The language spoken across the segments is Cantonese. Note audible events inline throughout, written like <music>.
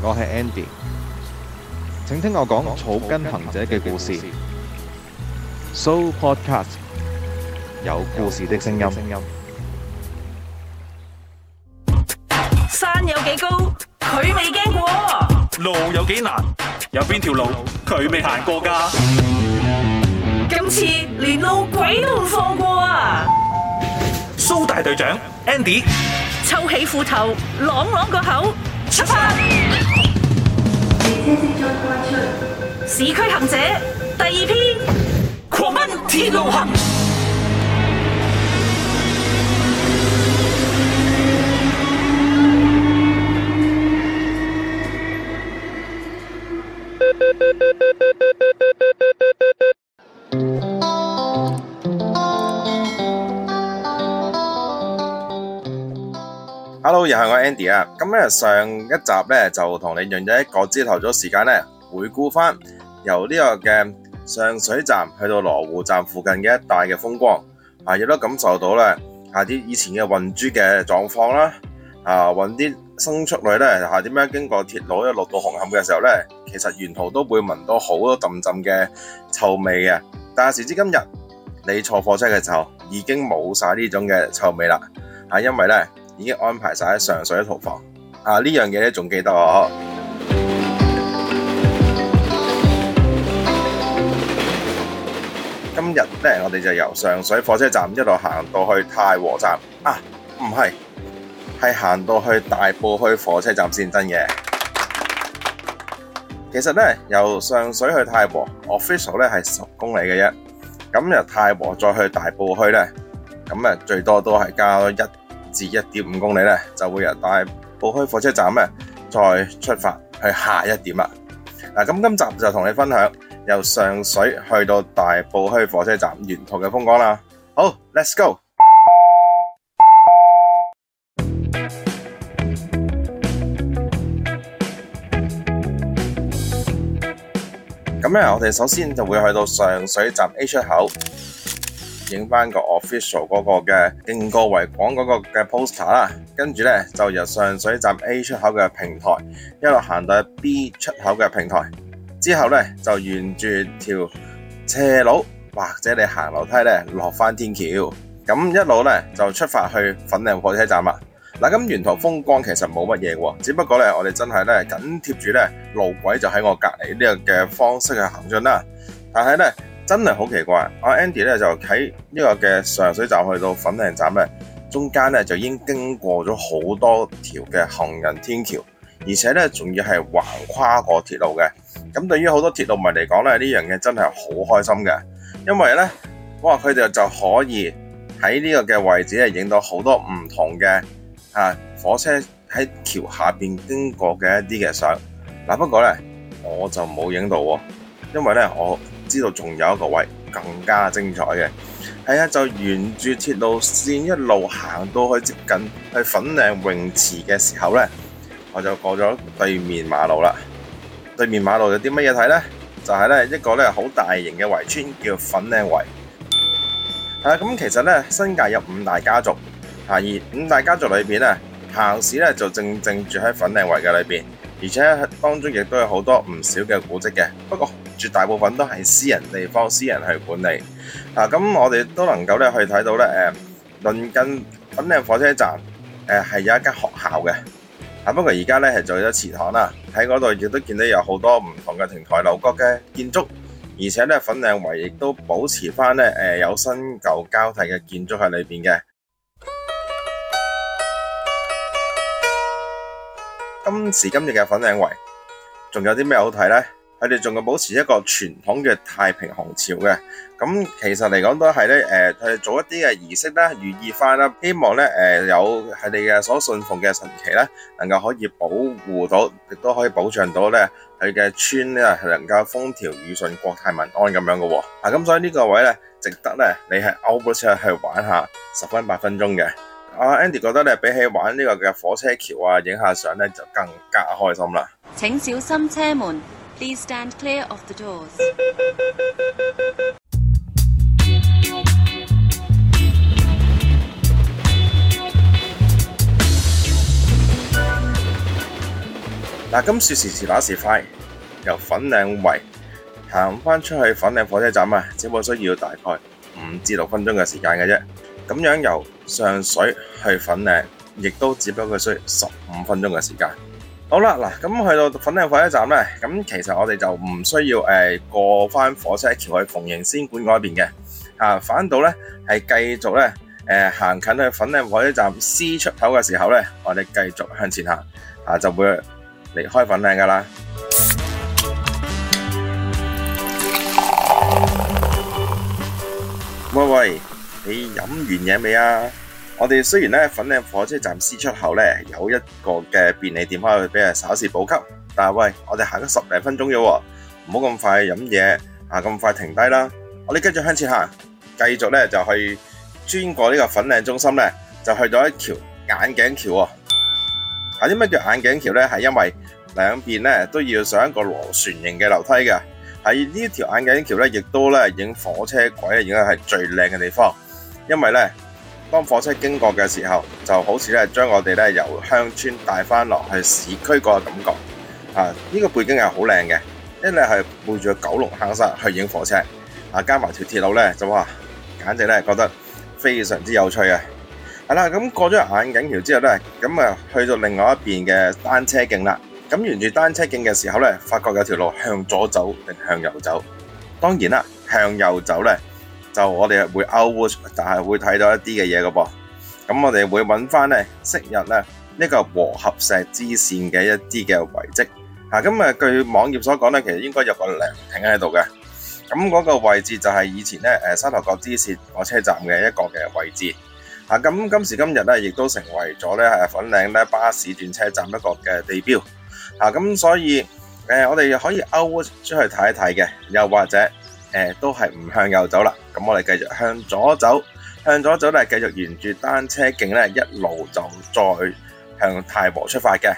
我係 Andy，請聽我講草根行者嘅故事。So podcast 有故事的聲音。山有幾高，佢未驚過；路有幾難，有邊條路佢未行過㗎。今次連路鬼都唔放過啊！蘇大隊長 Andy，抽起褲頭，朗朗個口。出發。市區行者第二篇狂奔鐵路行。啊，咁咧上一集咧就同你用咗一個朝頭早時間咧回顧翻由呢個嘅上水站去到羅湖站附近嘅一帶嘅風光啊，亦都感受到咧下啲以前嘅運豬嘅狀況啦啊，運啲牲畜嚟咧下點樣經過鐵路一落到紅磡嘅時候咧，其實沿途都會聞到好多陣陣嘅臭味嘅。但係時至今日，你坐火車嘅時候已經冇晒呢種嘅臭味啦，啊，因為咧。已經安排晒喺上水一套房啊！呢樣嘢咧，仲記得我。 <music> 今日咧，我哋就由上水火車站一路行到去太和站啊，唔係，係行到去大埔墟火車站先真嘅。其實咧，由上水去太和 <music> ，official 咧係十公里嘅啫。咁、嗯、由太和再去大埔墟咧，咁啊最多都係加一。1 至一點五公里咧，就會由大埔墟火車站咧再出發去下一點啦。嗱，咁今集就同你分享由上水去到大埔墟火車站沿途嘅風光啦。好，Let's go！咁咧，我哋首先就會去到上水站 A 出口。影翻個 official 嗰個嘅敬歌為廣嗰個嘅 poster 啦，跟住咧就由上水站 A 出口嘅平台，一路行到 B 出口嘅平台，之後咧就沿住條斜路，或者你行樓梯咧落翻天橋，咁一路咧就出發去粉嶺火車站啦。嗱，咁沿途風光其實冇乜嘢喎，只不過咧我哋真係咧緊貼住咧路軌就喺我隔離呢個嘅方式去行進啦，但係咧。真係好奇怪，阿 Andy 咧就喺呢個嘅上水站去到粉嶺站咧，中間咧就已經經過咗好多條嘅行人天橋，而且咧仲要係橫跨過鐵路嘅。咁對於好多鐵路迷嚟講咧，呢樣嘢真係好開心嘅，因為咧，哇，佢哋就可以喺呢個嘅位置嚟影到好多唔同嘅啊火車喺橋下邊經過嘅一啲嘅相。嗱，不過咧我就冇影到，哦，因為咧我。知道仲有一個位更加精彩嘅，係啊，就沿住鐵路線一路行到去接近去粉嶺泳池嘅時候呢，我就過咗對面馬路啦。對面馬路有啲乜嘢睇呢？就係呢一個呢好大型嘅圍村叫粉嶺圍。係咁其實呢，新界有五大家族，啊，而五大家族裏邊呢，彭氏呢就正正住喺粉嶺圍嘅裏邊。而且喺當中亦都有好多唔少嘅古蹟嘅，不過絕大部分都係私人地方、私人去管理。啊，咁我哋都能夠咧去睇到咧，誒，鄰近粉嶺火車站，誒、啊、係有一間學校嘅，啊，不過而家咧係做咗祠堂啦，喺嗰度亦都見到有好多唔同嘅亭台樓閣嘅建築，而且咧粉嶺圍亦都保持翻咧，誒有新舊交替嘅建築喺裏邊嘅。今時今日嘅粉嶺圍，仲有啲咩好睇呢？佢哋仲要保持一個傳統嘅太平洪潮嘅。咁其實嚟講都係呢，誒，佢哋做一啲嘅儀式啦、寓意化啦，希望呢，誒，有佢哋嘅所信奉嘅神奇呢，能夠可以保護到，亦都可以保障到呢，佢嘅村呢，係能夠風調雨順、國泰民安咁樣嘅。啊，咁所以呢個位呢，值得呢，你係 out r 去去玩下，十分八分鐘嘅。阿 Andy 覺得咧，比起玩呢個嘅火車橋啊，影下相咧，就更加開心啦。請小心車門，Please stand clear of the doors。嗱，今次說時遲那時快，由粉嶺圍行翻出去粉嶺火車站啊，只不過需要大概五至六分鐘嘅時間嘅啫，咁樣由。上水去粉嶺，亦都只不過需要十五分鐘嘅時間。好啦，嗱，咁去到粉嶺火車站呢，咁其實我哋就唔需要誒、呃、過翻火車橋去逢迎仙館嗰邊嘅，啊，反倒呢係繼續呢，誒、呃、行近去粉嶺火車站 C 出口嘅時候呢，我哋繼續向前行，啊，就會離開粉嶺噶啦。喂喂。你飲完嘢未啊？我哋雖然咧粉嶺火車站 C 出口咧有一個嘅便利店可以俾人稍事補給，但係喂，我哋行咗十零分鐘嘅，唔好咁快飲嘢啊！咁快停低啦，我哋跟住向前行，繼續咧就去穿過呢個粉嶺中心咧，就去咗一條眼鏡橋。啊，啲咩叫眼鏡橋咧？係因為兩邊咧都要上一個螺旋形嘅樓梯嘅。喺、啊、呢條眼鏡橋咧，亦都咧影火車軌，影係最靚嘅地方。因為呢當火車經過嘅時候，就好似呢將我哋呢由鄉村帶返落去市區嗰個感覺。啊，呢、呢個背景係好靚嘅，一呢係背住九龍坑山去影火車，啊加埋條鐵路呢，就哇，簡直呢覺得非常之有趣啊！係啦，咁過咗眼景橋之後呢，咁啊去到另外一邊嘅單車徑啦。咁、啊、沿住單車徑嘅時候呢，發覺有條路向左走定向右走。當然啦，向右走呢。就我哋會 out，w 但係會睇到一啲嘅嘢噶噃。咁我哋會搵翻咧昔日咧呢個和合石支線嘅一啲嘅遺迹吓，咁啊據網頁所講咧，其實應該有個涼亭喺度嘅。咁、那、嗰個位置就係以前咧誒沙頭角支線火車站嘅一個嘅位置吓。咁今時今日咧亦都成為咗咧誒粉嶺咧巴士轉車站一個嘅地標吓。咁所以誒我哋可以 out 出去睇一睇嘅，又或者誒、呃、都係唔向右走啦。咁我哋繼續向左走，向左走咧，繼續沿住單車徑咧，一路就再向太和出發嘅。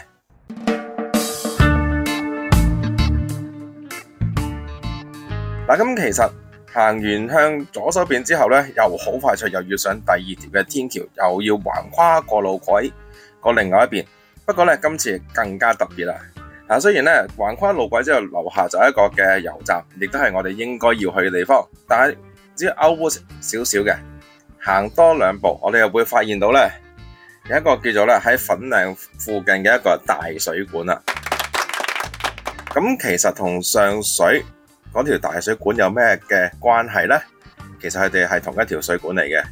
嗱、嗯，咁其實行完向左手邊之後咧，又好快脆又要上第二條嘅天橋，又要橫跨過路軌過另外一邊。不過咧，今次更加特別啦，嗱，雖然咧橫跨路軌之後樓下就係一個嘅油站，亦都係我哋應該要去嘅地方，但係。只 o 少少嘅，行多兩步，我哋又會發現到咧，有一個叫做咧喺粉嶺附近嘅一個大水管啦。咁其實同上水嗰條大水管有咩嘅關係咧？其實佢哋係同一條水管嚟嘅。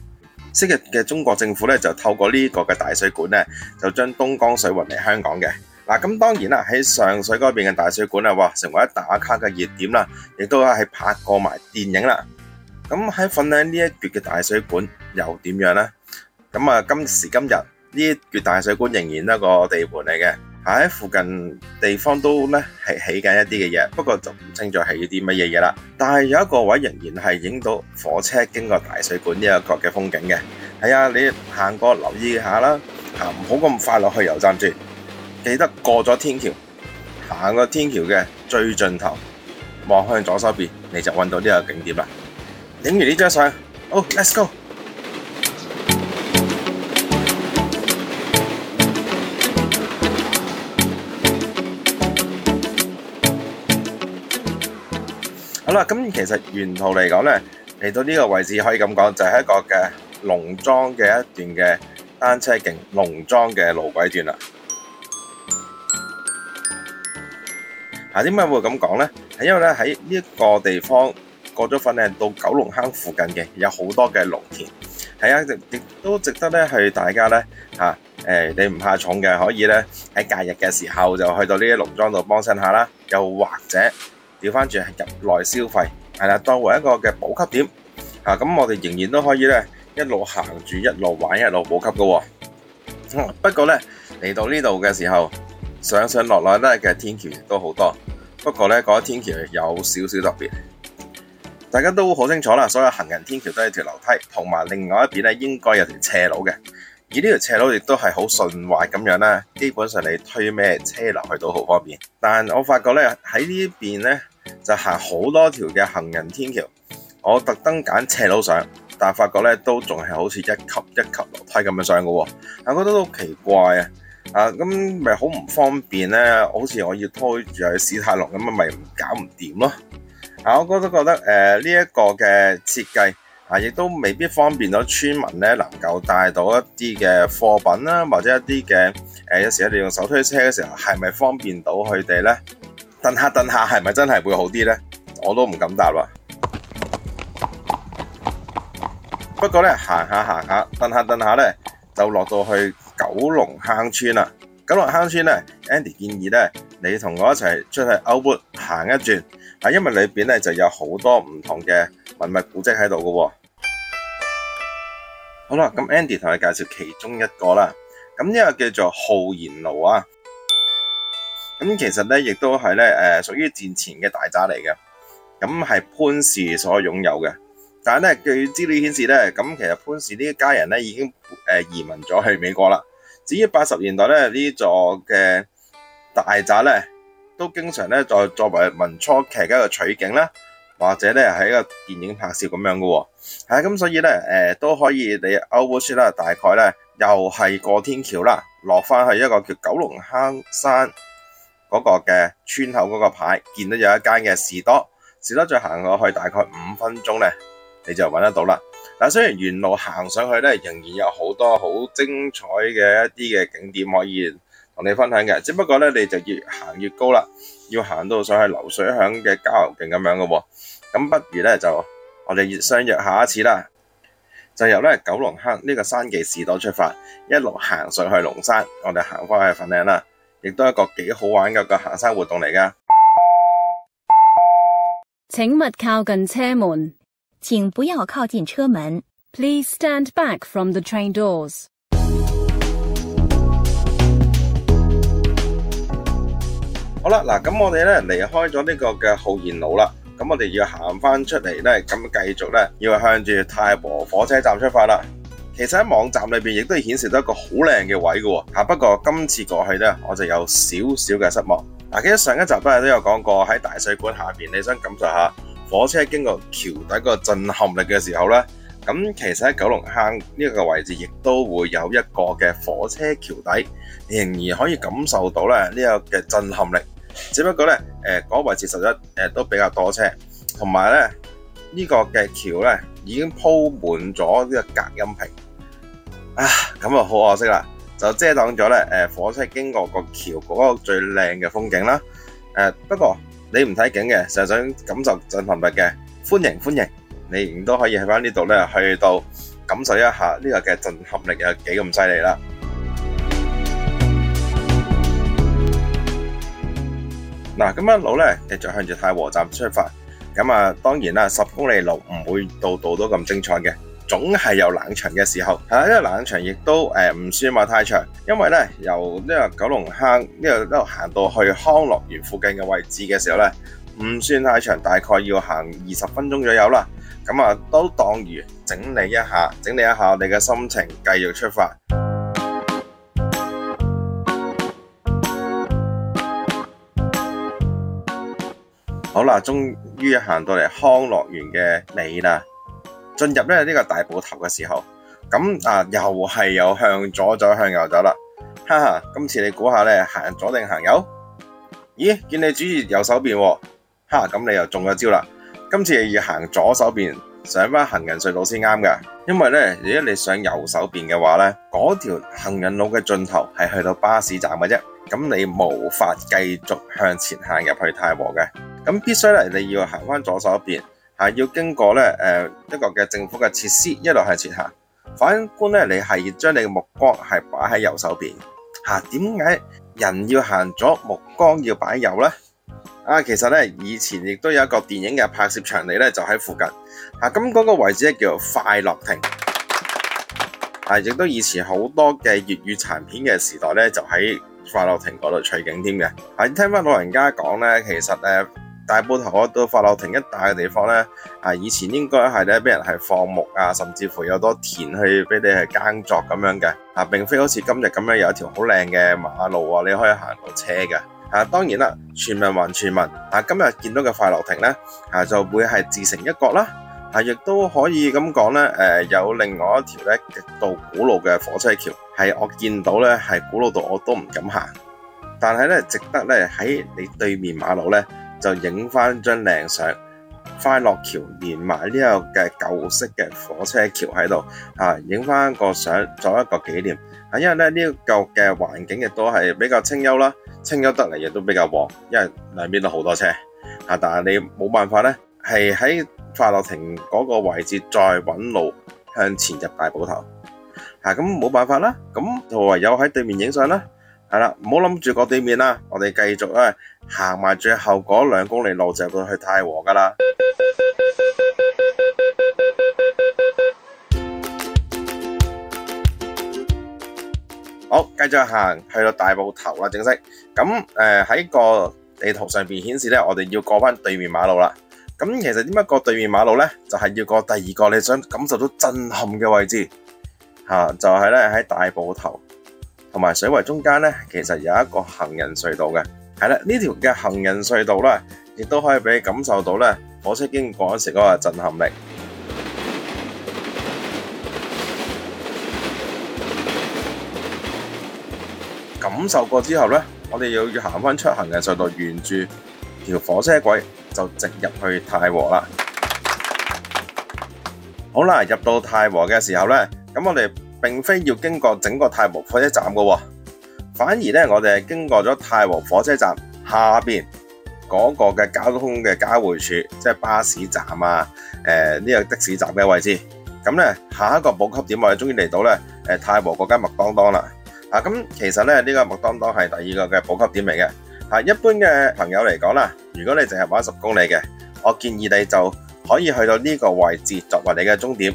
昔日嘅中國政府咧就透過呢個嘅大水管咧，就將東江水運嚟香港嘅。嗱，咁當然啦，喺上水嗰邊嘅大水管啊，哇，成為一打卡嘅熱點啦，亦都係拍過埋電影啦。咁喺粉嶺呢一橛嘅大水管又點樣呢？咁啊，今時今日呢一橛大水管仍然一個地盤嚟嘅，喺附近地方都呢係起緊一啲嘅嘢，不過就唔清楚起啲乜嘢嘢啦。但係有一個位仍然係影到火車經過大水管呢一個嘅風景嘅。係啊，你行過留意下啦，吓，唔好咁快落去油站住，記得過咗天橋，行過天橋嘅最盡頭，望向左手邊，你就搵到呢個景點啦。影完呢張相，好，Let's go！好啦，咁其實沿途嚟講呢，嚟到呢個位置可以咁講，就係一個嘅農莊嘅一段嘅單車徑，農莊嘅路軌段啦。吓，點解會咁講呢？係因為呢喺呢個地方。過咗份咧，到九龍坑附近嘅有好多嘅農田，係啊，亦都值得咧，係大家咧吓誒，你唔怕重嘅，可以咧喺假日嘅時候就去到呢啲農莊度幫襯下啦，又或者調翻轉入內消費係啦，當作一個嘅補給點吓，咁我哋仍然都可以咧一路行住一路玩一路補給噶。不過咧，嚟到呢度嘅時候，上上落落咧嘅天橋都好多，不過咧嗰天橋有少少特別。大家都好清楚啦，所有行人天橋都係條樓梯，同埋另外一邊咧應該有條斜路嘅，而呢條斜路亦都係好順滑咁樣咧。基本上你推咩車落去都好方便。但我發覺咧喺呢邊咧就行好多條嘅行人天橋，我特登揀斜路上，但係發覺咧都仲係好似一級一級樓梯咁樣上嘅，我、啊、覺得好奇怪啊！啊咁咪好唔方便咧？好似我要推住去史泰龍咁啊，咪搞唔掂咯？我哥都覺得誒，呢一個嘅設計啊，亦都未必方便到村民咧，能夠帶到一啲嘅貨品啦，或者一啲嘅誒，有時我哋用手推車嘅時候，係咪方便到佢哋咧？蹬下蹬下，係咪真係會好啲咧？我都唔敢答啦。不過咧，行下行下，蹬下蹬下咧，就落到去九龍坑村啦。九龍坑村咧，Andy 建議咧，你同我一齊出去 o l 行一轉。啊，因為裏邊咧就有好多唔同嘅文物古跡喺度喎，好啦，咁 Andy 同你介紹其中一個啦。咁呢個叫做浩然路啊。咁其實咧，亦都係咧，誒，屬於戰前嘅大宅嚟嘅。咁係潘氏所擁有嘅。但係咧，據資料顯示咧，咁其實潘氏呢一家人咧已經誒移民咗去美國啦。至於八十年代咧，呢座嘅大宅咧。都經常咧，作作為民初劇嘅一個取景啦，或者咧係一個電影拍攝咁樣嘅喎，係啊，咁所以咧、呃，都可以你歐波 r 啦，大概咧又係過天橋啦，落翻去一個叫九龍坑山嗰個嘅村口嗰個牌，見到有一間嘅士多，士多再行過去大概五分鐘咧，你就搵得到啦。嗱，雖然沿路行上去咧，仍然有好多好精彩嘅一啲嘅景點可以。同你分享嘅。只不過咧，你就越行越高啦，要行到上去流水響嘅郊遊徑，咁樣嘅、啊、喎。咁不如咧，就我哋越相約下一次啦，就由咧九龍坑呢、這個山記士多出發，一路行上去龍山，我哋行翻去粉嶺啦，亦都係一個幾好玩嘅個行山活動嚟噶。請勿靠近車門，請不要靠近車門。Please stand back from the train doors. 好啦，嗱咁我哋咧離開咗呢個嘅浩然路啦，咁我哋要行翻出嚟咧，咁繼續咧要向住太和火車站出發啦。其實喺網站裏邊亦都顯示到一個好靚嘅位噶，吓不過今次過去咧我就有少少嘅失望。嗱，記得上一集都係都有講過喺大水管下邊，你想感受下火車經過橋底個震撼力嘅時候咧，咁其實喺九龍坑呢個位置亦都會有一個嘅火車橋底，仍然可以感受到咧呢個嘅震撼力。只不過呢，誒、那、嗰、個、位置實在，誒都比較多車，同埋呢、這個、橋呢個嘅橋呢已經鋪滿咗呢個隔音屏，啊咁啊好可惜啦，就遮擋咗呢誒火車經過個橋嗰個最靚嘅風景啦。誒不過你唔睇景嘅，就想感受震撼力嘅，歡迎歡迎，你亦都可以喺翻呢度呢去到感受一下呢個嘅震撼力有幾咁犀利啦。嗱，咁一路咧，繼續向住太和站出發。咁啊，當然啦，十公里路唔會度度都咁精彩嘅，總係有冷場嘅時候。係因為冷場亦都誒唔算話太長，因為咧由呢個九龍坑呢度一路行到去康樂園附近嘅位置嘅時候咧，唔算太長，大概要行二十分鐘左右啦。咁啊，都當如整理一下，整理一下我哋嘅心情，繼續出發。好啦，終於行到嚟康樂園嘅尾啦。進入咧呢個大埗頭嘅時候，咁啊又係又向左走向右走啦。哈哈，今次你估下咧行左定行右？咦，見你主意右手邊，啊，哈咁你又中咗招啦。今次要行左手邊上翻行人隧道先啱㗎，因為咧，如果你上右手邊嘅話咧，嗰條行人路嘅盡頭係去到巴士站嘅啫，咁你無法繼續向前行入去太和嘅。咁必須咧，你要行翻左手一邊嚇，要經過咧誒、呃、一個嘅政府嘅設施，一路向前行。反觀咧，你係要將你嘅目光係擺喺右手邊嚇。點、啊、解人要行左，目光要擺右咧？啊，其實咧以前亦都有一個電影嘅拍攝場地咧，就喺附近嚇。咁、啊、嗰、那個位置咧叫做快樂亭，啊，亦都以前好多嘅粵語殘片嘅時代咧，就喺快樂亭嗰度取景添嘅。啊，聽翻老人家講咧，其實誒。大埔頭嗰度快樂亭一帶嘅地方呢，啊，以前應該係呢俾人係放牧啊，甚至乎有多田去俾你係耕作咁樣嘅，啊，並非好似今日咁樣有一條好靚嘅馬路啊，你可以行到車嘅，啊，當然啦，全民還全民，啊，今日見到嘅快樂亭呢，啊，就會係自成一角啦，啊，亦都可以咁講呢，誒，有另外一條呢，極度古老嘅火車橋，係我見到呢，係古老到我都唔敢行，但係呢，值得呢喺你對面馬路呢。就影翻張靚相，快樂橋連埋呢個嘅舊式嘅火車橋喺度，嚇影翻一個相作一個紀念。嚇，因為咧呢個舊嘅環境亦都係比較清幽啦，清幽得嚟亦都比較旺，因為兩邊都好多車。嚇，但係你冇辦法咧，係喺快樂亭嗰個位置再揾路向前入大埔頭。嚇，咁冇辦法啦。咁唯有喺對面影相啦。係啦，唔好諗住過對面啦，我哋繼續咧行埋最後嗰兩公里路就到去太和噶啦。好，繼續行，去到大埔頭啦正式。咁誒，喺個地圖上邊顯示咧，我哋要過翻對面馬路啦。咁其實點解過對面馬路咧？就係、是、要過第二個你想感受到震撼嘅位置吓，就係咧喺大埔頭同埋水圍中間呢，其實有一個行人隧道嘅。係啦，呢條嘅行人隧道啦，亦都可以俾你感受到呢火車經過時嗰個震撼力。感受過之後呢，我哋又要行翻出行人隧道，沿住條火車軌就直入去太和啦。好啦，入到太和嘅時候呢，咁我哋。並非要經過整個泰和火車站噶、哦，反而咧我哋係經過咗泰和火車站下邊嗰個嘅交通嘅交匯處，即、就、係、是、巴士站啊，誒、呃、呢、這個的士站嘅位置。咁、嗯、咧下一個補給點我哋終於嚟到咧，誒泰和嗰間麥當當啦。啊，咁其實咧呢、這個麥當當係第二個嘅補給點嚟嘅。一般嘅朋友嚟講啦，如果你淨係玩十公里嘅，我建議你就可以去到呢個位置作為你嘅終點。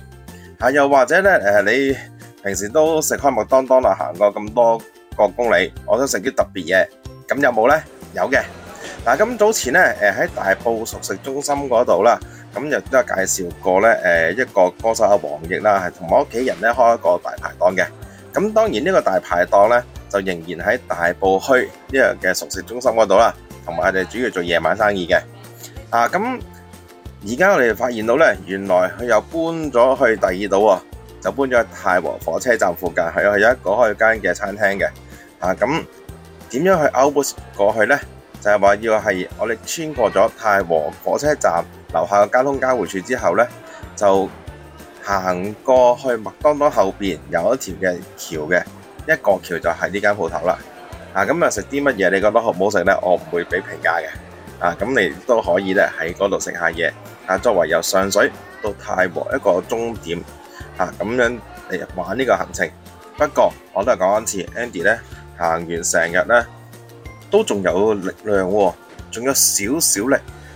啊，又或者咧，誒你。平時都食開麥當當啦，行過咁多個公里，我想食啲特別嘢，咁有冇咧？有嘅。嗱，咁早前咧，誒喺大埔熟食中心嗰度啦，咁又都係介紹過咧，誒一個歌手阿黃奕啦，係同我屋企人咧開一個大排檔嘅。咁當然呢個大排檔咧，就仍然喺大埔墟呢樣嘅熟食中心嗰度啦，同埋我哋主要做夜晚生意嘅。啊，咁而家我哋發現到咧，原來佢又搬咗去第二度喎。就搬咗去太和火車站附近，係有有一個開間嘅餐廳嘅。啊，咁點樣去 o u t b 過去呢？就係、是、話要係我哋穿過咗太和火車站樓下嘅交通交匯處之後呢，就行過去麥當當後邊有一條嘅橋嘅，一個橋就係呢間鋪頭啦。啊，咁啊食啲乜嘢？你覺得好唔好食呢？我唔會俾評價嘅。啊，咁你都可以咧喺嗰度食下嘢。啊，作為由上水到太和一個終點。啊，咁樣嚟玩呢個行程。不過我都係講一次，Andy 咧行完成日咧都仲有力量喎、哦，仲有少少力，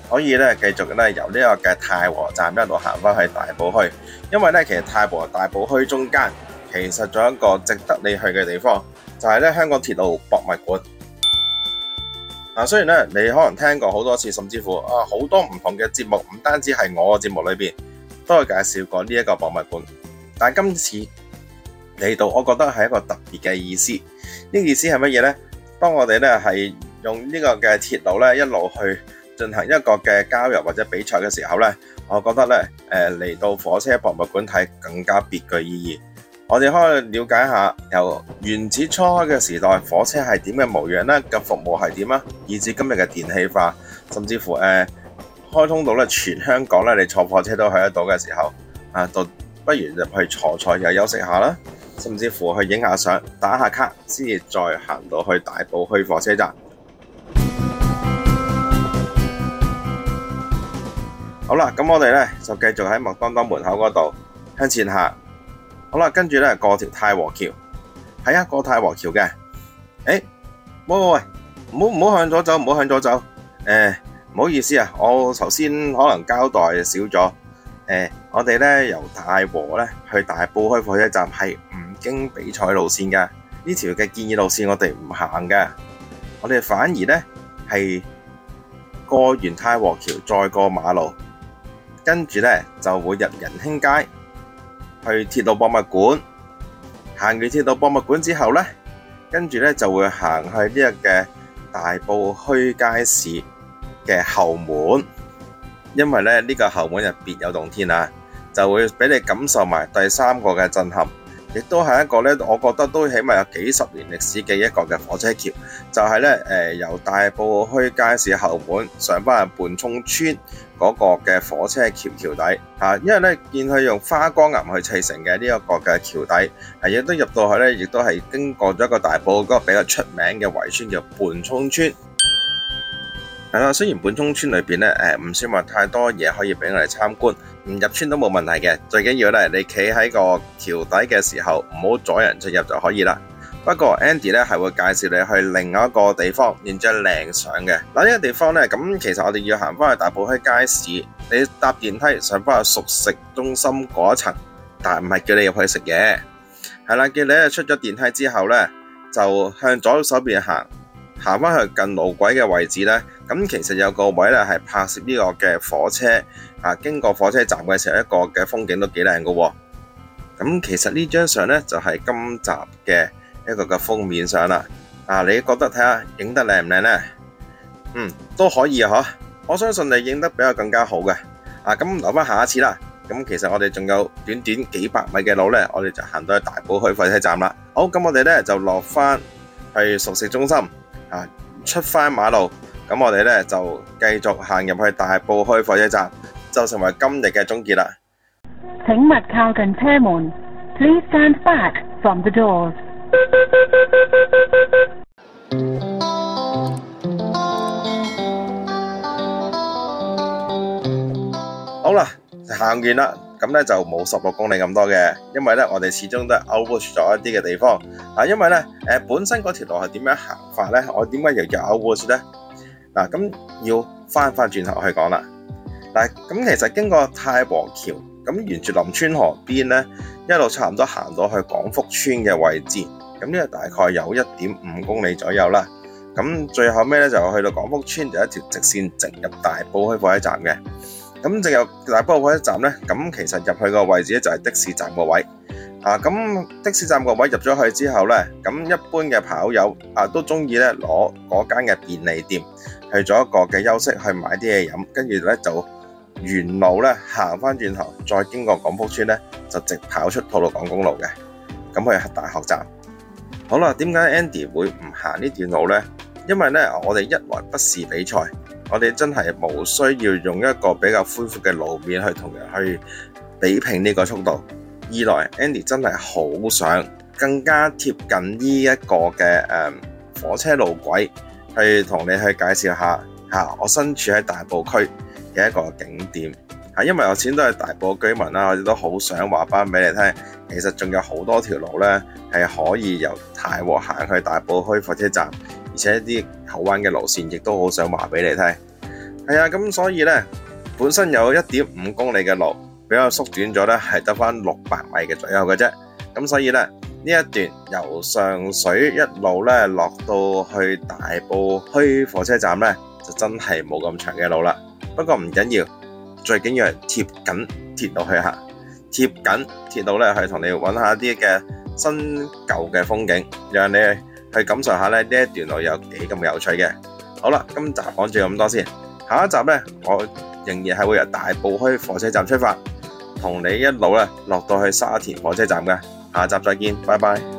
可以咧繼續咧由呢個嘅太和站一路行翻去大埔墟。因為咧其實太和大埔墟中間其實仲有一個值得你去嘅地方，就係、是、咧香港鐵路博物館。啊，雖然咧你可能聽過好多次，甚至乎啊好多唔同嘅節目，唔單止係我嘅節目裏面，都係介紹過呢一個博物館。但今次嚟到，我覺得係一個特別嘅意思。呢個意思係乜嘢呢？當我哋呢係用呢個嘅鐵路呢一路去進行一個嘅交流或者比賽嘅時候呢，我覺得呢誒嚟到火車博物館睇更加別具意義。我哋可以了解下由原始初開嘅時代，火車係點嘅模樣呢，及服務係點啊，以至今日嘅電氣化，甚至乎誒、呃、開通到呢全香港呢，你坐火車都去得到嘅時候啊，不如入去坐坐又休息下啦，甚至乎去影下相、打下卡，先至再行到去大埔墟火車站。嗯、好啦，咁我哋呢就繼續喺麥當當門口嗰度向前行。好啦，跟住呢過條太和橋，係啊，過太和橋嘅。誒、欸，喂，喂，唔好，唔好，唔好唔好向左走，唔好向左走。誒、欸，唔好意思啊，我頭先可能交代少咗。誒、欸。我哋咧由太和咧去大埔墟火車站係唔經比賽路線噶，呢條嘅建議路線我哋唔行噶，我哋反而咧係過完太和橋再過馬路，跟住咧就會入仁興街去鐵路博物館，行完鐵路博物館之後咧，跟住咧就會行去呢個嘅大埔墟街市嘅後門，因為咧呢、這個後門入面別有洞天啊！就會俾你感受埋第三個嘅震撼，亦都係一個呢。我覺得都起碼有幾十年歷史嘅一個嘅火車橋，就係、是、呢、呃、由大埔墟街市後門上返去半沖村嗰個嘅火車橋橋底、啊、因為呢，見佢用花崗岩去砌成嘅呢一個嘅橋底，亦、啊、都入到去呢，亦都係經過咗一個大埔嗰個比較出名嘅圍村叫半沖村。係啦，雖然泮涌村裏邊咧，誒唔算話太多嘢可以俾我哋參觀，唔入村都冇問題嘅。最緊要咧，你企喺個橋底嘅時候，唔好阻人進入就可以啦。不過 Andy 咧係會介紹你去另外一個地方影張靚相嘅。嗱，呢個地方咧，咁其實我哋要行翻去大埔墟街市，你搭電梯上翻去熟食中心嗰層，但唔係叫你入去食嘅，係啦，叫你出咗電梯之後咧，就向左手邊行。行翻去近路軌嘅位置呢，咁其實有個位呢係拍攝呢個嘅火車啊，經過火車站嘅時候，一個嘅風景都幾靚噶。咁其實呢張相呢，就係今集嘅一個嘅封面相啦。啊，你覺得睇下影得靚唔靚呢？嗯，都可以啊，我相信你影得比較更加好嘅。啊，咁留翻下一次啦。咁其實我哋仲有短短幾百米嘅路呢，我哋就行到去大埔墟火車站啦。好，咁我哋呢，就落翻去熟食中心。啊！出翻馬路，咁我哋咧就繼續行入去大埔開火車站，就成為今日嘅終結啦。請勿靠近車門，Please stand back from the doors。好啦，行完啦。咁咧就冇十六公里咁多嘅，因為咧我哋始終都係 overshoot 咗一啲嘅地方。因為咧，誒，本身嗰條路係點樣行法咧？我點解又有 overshoot 咧？嗱，咁要翻翻轉頭去講啦。嗱，咁其實經過太和橋，咁沿住林村河邊咧，一路差唔多行到去廣福村嘅位置，咁呢個大概有一點五公里左右啦。咁最後尾咧，就去到廣福村就一條直線直入大埔墟火車站嘅。咁入入大埔墟站咧，咁其實入去個位置咧就係的士站個位，啊咁的士站個位入咗去之後咧，咁一般嘅跑友啊都中意咧攞嗰間嘅便利店去做一個嘅休息，去買啲嘢飲，跟住咧就沿路咧行翻轉頭，再經過廣福邨咧就直跑出吐露港公路嘅，咁去大學站。好啦，點解 Andy 會唔行呢段路咧？因為咧我哋一來不是比賽。我哋真係無需要用一個比較寬闊嘅路面去同人去比拼呢個速度。二來，Andy 真係好想更加貼近呢一個嘅誒火車路軌，去同你去介紹下嚇。我身處喺大埔區嘅一個景點嚇，因為我錢都係大埔居民啦，我哋都好想話翻俾你聽，其實仲有好多條路咧係可以由太和行去大埔墟火車站。而且啲好玩嘅路線亦都好想話俾你聽，係啊，咁所以咧，本身有一點五公里嘅路，比較縮短咗咧，係得返六百米嘅左右嘅啫。咁所以咧，呢一段由上水一路咧落到去大埔墟火車站咧，就真係冇咁長嘅路啦。不過唔緊要，最緊要係貼緊鐵路去行，貼緊鐵路咧係同你搵下一啲嘅新舊嘅風景，讓你。去感受一下咧呢一段路有幾咁有趣嘅。好啦，今集講住咁多先，下一集咧我仍然係會由大埔墟火車站出發，同你一路啊落到去沙田火車站嘅。下一集再見，拜拜。